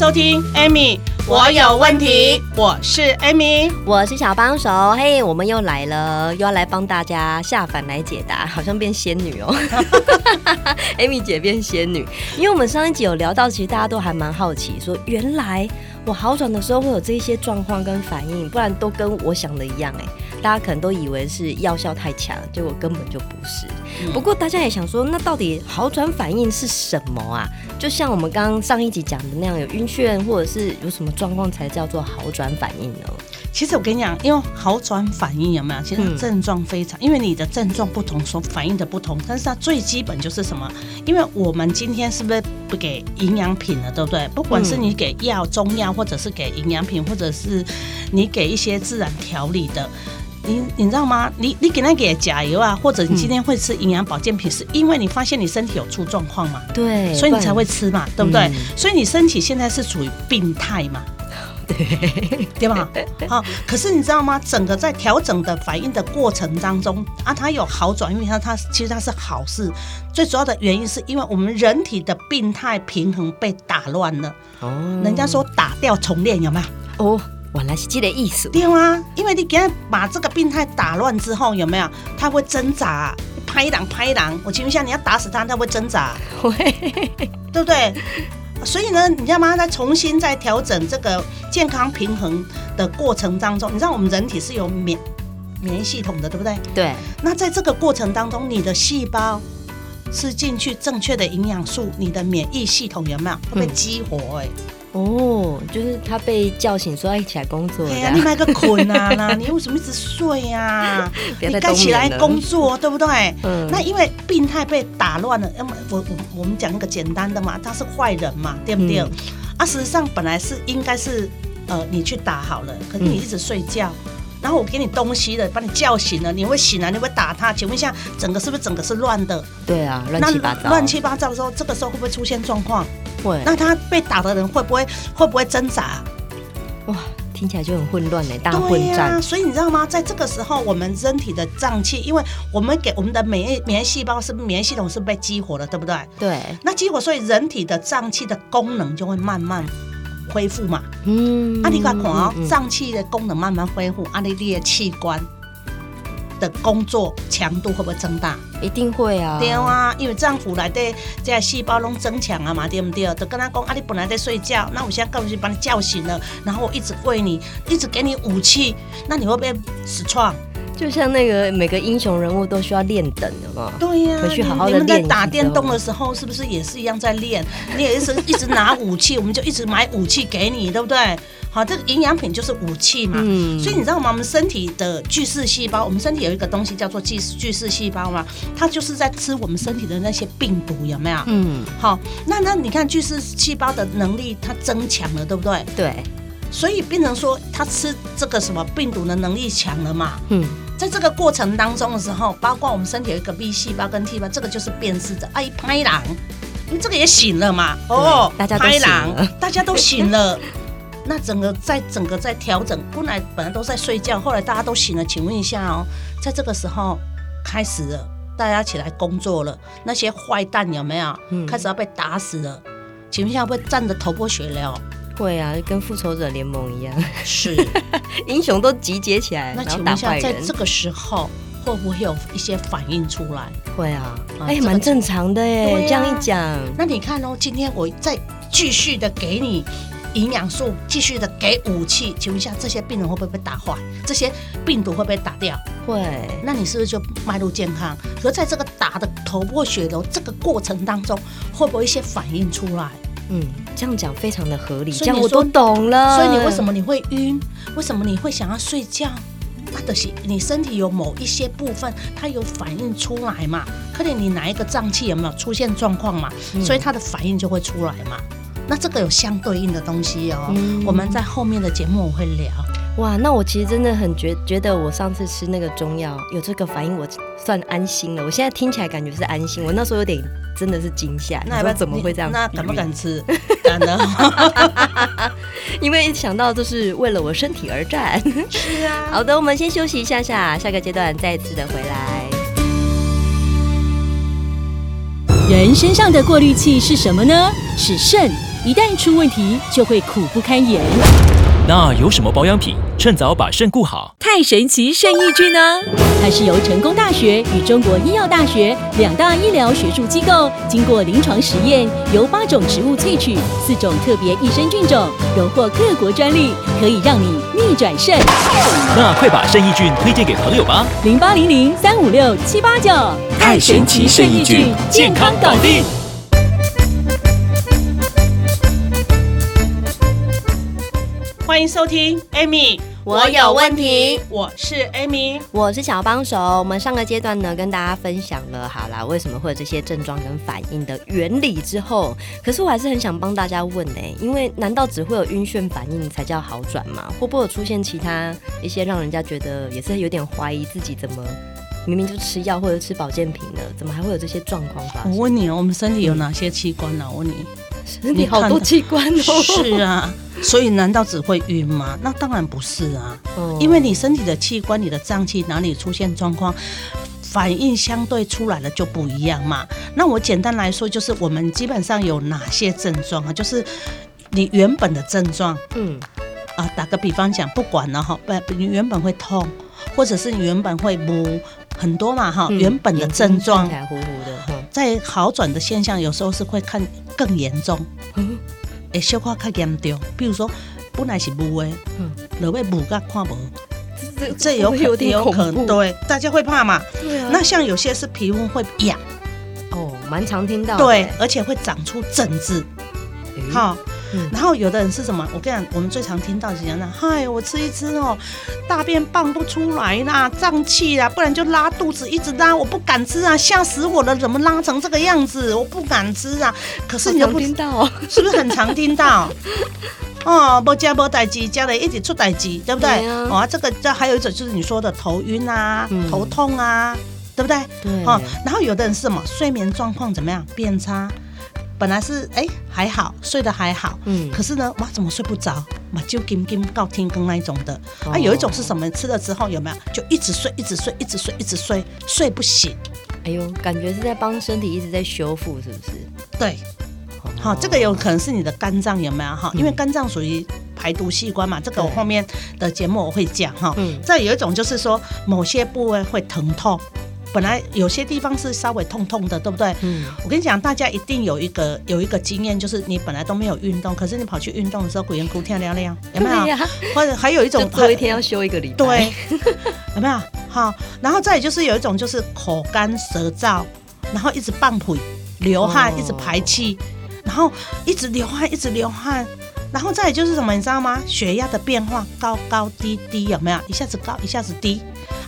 收聽 Amy，我有問題。我是 Amy，我是小幫手。嘿、hey，我們又來了，又要來幫大家下凡來解答，好像變仙女哦。 Amy 姐變仙女，因為我們上一集有聊到，其實大家都還蠻好奇說，說原來我好轉的時候會有這些狀況跟反應，不然都跟我想的一樣、欸大家可能都以為是藥效太強，結果根本就不是。不過大家也想說，那到底好轉反應是什麼啊？就像我們剛剛上一集講的那樣，有暈眩或者是有什麼狀況才叫做好轉反應呢？其實我跟你講，因為好轉反應有沒有？其實症狀非常，嗯、因為你的症狀不同，所反應的不同。但是它最基本就是什麼？因為我們今天是不是不給營養品了，對不對？不管是你給藥、中藥，或者是給營養品，或者是你給一些自然調理的。你你知道嗎？你你給那給加油啊，或者你今天會吃營養保健品，是因為你發現你身體有出狀況嘛？對，所以你才會吃嘛、嗯，對不對？所以你身體現在是處於病態嘛？對，對吧？好、 哦，可是你知道嗎？整個在調整的反應的過程當中啊，它有好轉，因為它它其實它是好事。最主要的原因是因為我們人體的病態平衡被打亂了。哦，人家說打掉重練有沒有？哦。我來是記得意思。對嗎、啊？因為你給他把這個病態打亂之後，有沒有？他會掙扎，拍打拍打。我請問一下，你要打死他，他會掙扎，會， 對不對？所以呢，你知道嗎？在重新再調整這個健康平衡的過程當中，你知道我們人體是有免免疫系統的，對不對？對。那在這個過程當中，你的細胞是進去正確的營養素，你的免疫系統有沒有會被激活、欸？誒、嗯。哦，就是他被叫醒，說要一起來工作。對、哎、呀，另外一個困啊，那 你為什麼一直睡呀、啊？ 你該起來工作、哦，對不對？嗯。那因為病態被打亂了。那麼，我我們講那個簡單的嘛，他是壞人嘛，對不對？嗯、啊，實際上本來是應該是呃，你去打好了，可是你一直睡覺、嗯，然後我給你東西了，把你叫醒了，你會醒來、啊，你會打他。請問一下、嗯，整個是不是整個是亂的？對啊，亂七八亂七八糟的時候，這個時候會不會出現狀況？那他被打的人會不會、會不會掙扎、啊？哇，聽起來就很混亂嘞、欸，大混戰、啊。所以你知道嗎？在這個時候，我們身體的臟器，因為我們給我們的免疫免疫細胞是免疫系統是被激活了，對不對？對。那激活，所以人體的臟器的功能就會慢慢恢復嘛。嗯。阿、啊、你快看，看哦，臟、嗯、器、嗯嗯、的功能慢慢恢復，阿、啊、你，你的器官的工作強度會不會增大？一定會啊！對啊，因為丈夫來的這些細胞攏增強啊嘛，對不對？就跟他講，啊，你本來在睡覺，那我現在告訴你把你叫醒了，然後我一直餵你，一直給你武器，那你會不會死創？就像那個每個英雄人物都需要練等的嘛。對呀、啊，回去好好練，你們在打電動的時候，是不是也是一樣在練？你也是一直拿武器， 我們就一直買武器給你，對不對？好，這個營養品就是武器嘛、嗯，所以你知道嗎？我們身體的巨噬細胞，我們身體有一個東西叫做巨巨噬細胞嘛，它就是在吃我們身體的那些病毒，有沒有？嗯，好，那那你看巨噬細胞的能力它增強了，對不對？對，所以變成說它吃這個什麼病毒的能力強了嘛。嗯，在這個過程當中的時候，包括我們身體有一個 B 細胞跟 T 胞，這個就是辨識者哎，啊、拍狼，你這個也醒了嘛？哦，大家大家都醒了。 那整個在整個在調整，本來本來，都在睡覺，後來大家都醒了。請問一下哦，在這個時候開始了，大家起來工作了，那些壞蛋有沒有？嗯，開始要被打死了。請問一下會不會戰得頭破血流？會啊，跟復仇者聯盟一樣。是， 英雄都集結起來。那請問一下，在這個時候會不會有一些反應出來？會啊，哎，蠻正常的耶。我這樣一講，那你看哦，今天我再繼續的給你。營養素繼續的給武器，請問一下，這些病人會不會被打壞？這些病毒會不會被打掉？會。那你是不是就邁入健康？而在這個打的頭破血流這個過程當中，會不會一些反應出來？嗯，這樣講非常的合理。這樣我都懂了。所以你為什麼你會暈？為什麼你會想要睡覺？那的是你身體有某一些部分，它有反應出來嘛？可能你哪一個臟器有沒有出現狀況嘛？所以它的反應就會出來嘛。那這個有相對應的東西哦，嗯、我們在後面的節目我會聊。哇，那我其實真的很覺覺得我上次吃那個中藥有這個反應，我算安心了。我現在聽起來感覺是安心，我那時候有點真的是驚嚇。那要不然怎麼會這樣子？那敢不敢吃？敢、嗯、呢？ 因為一想到都是為了我身體而戰。 是啊。好的，我們先休息一下下，下個階段再一次的回來。人身上的過濾器是什麼呢？是腎。一旦出問題，就會苦不堪言。那有什麼保養品，趁早把腎顧好？太神奇腎益菌呢？它是由成功大學與中國醫藥大學兩大醫療學術機構經過臨床實驗，由八種植物萃取、四種特別益生菌種，榮獲各國專利，可以讓你逆轉腎。那快把腎益菌推薦給朋友吧。零八零零三五六七八九，太神奇腎益菌，健康搞定。歡迎收聽，Amy 我。我有問題，我是 Amy，我是小幫手。我們上個階段呢，跟大家分享了，好啦，為什麼會有這些症狀跟反應的原理之後，可是我還是很想幫大家問呢、欸，因為難道只會有暈眩反應才叫好轉嗎？會不會有出現其他一些讓人家覺得也是有點懷疑自己怎麼明明就吃藥或者吃保健品呢？怎麼還會有這些狀況發生？我問你哦，我們身體有哪些器官呢、啊嗯？我問你，身體好多器官哦、喔，是啊。所以難道只會暈嗎？那當然不是啊，oh. 因為你身體的器官，你的臟器哪裡出現狀況，反應相對出來了就不一樣嘛。那我簡單來說，就是我們基本上有哪些症狀啊？就是你原本的症狀，嗯，啊，打個比方講，不管了哈，不，你原本會痛，或者是你原本會摸很多嘛哈，嗯，原本的症狀，嗯，在好轉的現象有時候是會看更嚴重。嗯會，小可較嚴重，比如說本來是無的，嗯，落去霧甲看無，這這這有可有可能，對，大家會怕嘛？對啊。那像有些是皮膚會癢，哦，蠻常聽到的。對，而且會長出疹子，好、欸。嗯、然後有的人是什麼？我跟你講，我們最常聽到人家講，嗨，我吃一吃哦，大便放不出來啦，脹氣啦，不然就拉肚子，一直拉，我不敢吃啊，嚇死我了，怎麼拉成這個樣子？我不敢吃啊。可是你都不知道哦？是不是很常聽到？哦，沒吃沒代誌，吃了一直出代誌，對不對？對啊、哦，這個這還有一種就是你說的頭暈啊、嗯，頭痛啊，對不對？對。哈、哦，然後有的人是什麼？睡眠狀況怎麼樣？變差。本來是哎、欸、還好睡得還好，嗯，可是呢，哇，怎麼睡不着？就咁咁到聽更那一種的、哦、啊，有一種是什麼、哦、吃了之後有沒有，就一直睡一直睡一直睡一直睡睡不醒？哎呦，感覺是在幫身體一直在修復是不是？對，好、哦哦、這個有可能是你的肝臟有沒有哈、哦嗯？因為肝臟屬於排毒器官嘛，這個我後面的節目我會講哈。再、嗯、有一種就是說某些部位會疼痛。本來有些地方是稍微痛痛的，對不對？嗯，我跟你講，大家一定有一個有一個經驗，就是你本來都沒有運動，可是你跑去運動的時候，鬼哭骨天涼涼，有沒有、啊？或者還有一種有一天要休一個禮拜，對，有沒有？好，然後再就是有一種就是口乾舌燥，然後一直冒汗，流汗，一直排氣、哦，然後一直流汗，一直流汗，然後再就是什麼，你知道嗎？血壓的變化高高低低，有沒有？一下子高，一下子低。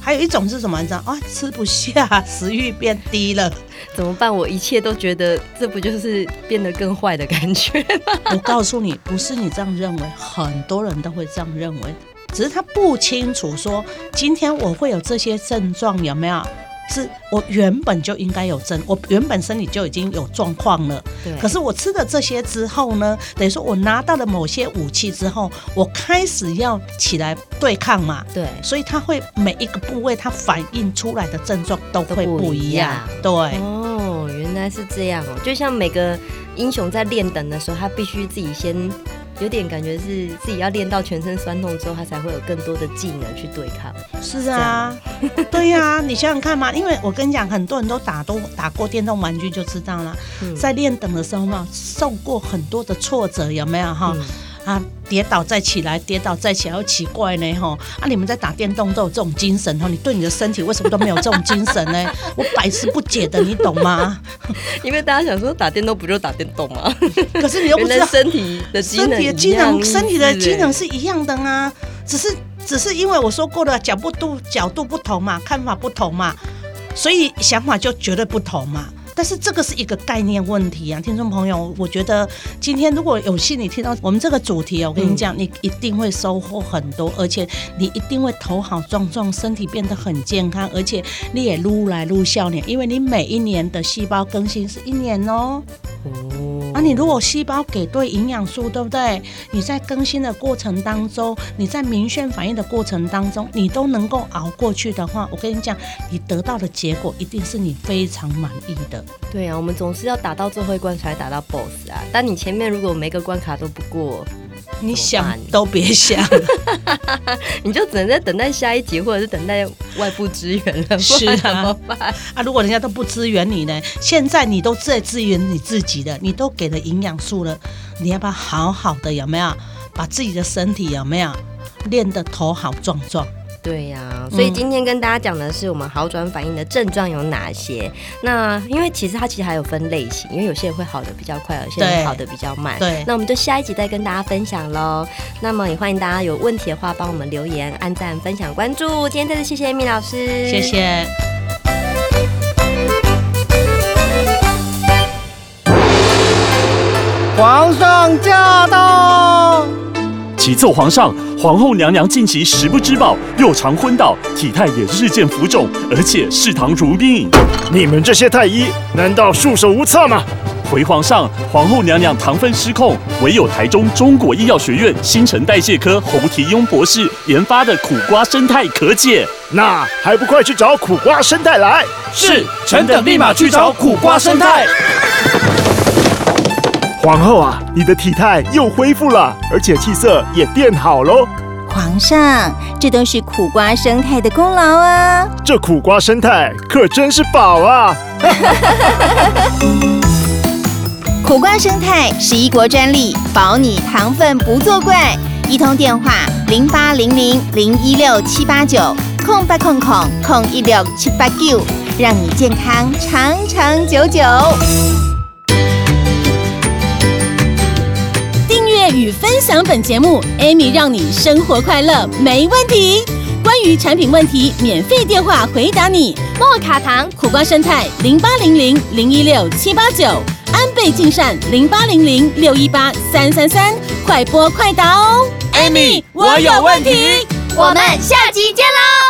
還有一種是什麼？你知道啊？吃不下，食慾變低了，怎麼辦？我一切都覺得這不就是變得更壞的感覺嗎？我告訴你，不是你這樣認為，很多人都會這樣認為，只是他不清楚說今天我會有這些症狀有沒有？是我原本就應該有症，我原本身體就已經有狀況了。對。可是我吃了這些之後呢，等於說我拿到了某些武器之後，我開始要起來對抗嘛。對。所以它會每一個部位它反映出來的症狀都會不一樣，都不一樣。對。哦，原來是這樣哦。就像每個英雄在練等的時候，他必須自己先。有點感覺是自己要練到全身酸痛之後，他才會有更多的技能去對抗。是啊， 對呀，啊，你想想看嘛，因為我跟你講，很多人都打都打過電動玩具，就知道了。嗯，在練等的時候嘛，受過很多的挫折，有沒有哈？啊！跌倒再起來，跌倒再起來，好奇怪呢，吼啊，你們在打電動都有這種精神哈，你對你的身體為什麼都沒有這種精神呢？ 我百思不解的，你懂嗎？因為大家想說打電動不就打電動嗎？ 可是你又不是身體的，身體機能、身體的機能、欸、身體的機能是一樣的啊，只是只是因為我說過的角度角度不同嘛，看法不同嘛，所以想法就絕對不同嘛。但是這個是一個概念問題啊，聽眾朋友，我覺得今天如果有幸你聽到我們這個主題哦，我跟你講、嗯，你一定會收穫很多，而且你一定會頭好壯壯，身體變得很健康，而且你也愈來愈少年，因為你每一年的細胞更新是一年哦、喔。嗯你如果細胞給對營養素，對不對？你在更新的過程當中，你在瞑眩反應的過程當中，你都能夠熬過去的話，我跟你講，你得到的結果一定是你非常滿意的。對啊，我們總是要打到最後一關才打到 BOSS 啊！但你前面如果每個關卡都不過，你想都別想， 你就只能在等待下一集，或者是等待外部支援了。是怎麼辦？啊，啊，如果人家都不支援你呢？現在你都在支援你自己的，你都給了營養素了，你要不要好好的？有沒有把自己的身體有沒有練得頭好壯壯？對呀、啊，所以今天跟大家講的是我們好轉反應的症狀有哪些。嗯、那因為其實它其實還有分類型，因為有些人會好得比較快，有些人會好得比較慢，對。對，那我們就下一集再跟大家分享嘍。那麼也歡迎大家有問題的話幫我們留言、按讚、分享、關注。今天再次謝謝 AMY 老師，謝謝。皇上駕到。啟奏皇上，皇後娘娘近期食不知飽，又常昏倒，體態也日漸浮腫，而且嗜糖如命。你們這些太醫，難道束手無策嗎？回皇上，皇後娘娘糖分失控，唯有台中中國醫藥學院新陳代謝科洪提庸博士研發的苦瓜生態可解。那還不快去找苦瓜生態來？是，臣等立馬去找苦瓜生態。皇後啊，你的體態又恢復了，而且氣色也變好嘍。皇上，這都是苦瓜生態的功勞啊！這苦瓜生態可真是寶啊！ 苦瓜生態是一國專利，保你糖分不作怪。一通電話零八零零零一六七八九，空八空空空一六七八九，讓你健康長長久久。與分享本節目，Amy 讓你生活快樂沒問題。關於產品問題，免費電話回答你。莫卡糖苦瓜生菜零八零零零一六七八九，安倍晉善零八零零六一八三三三，快播快答哦。Amy，我有問題。我們下集見啦。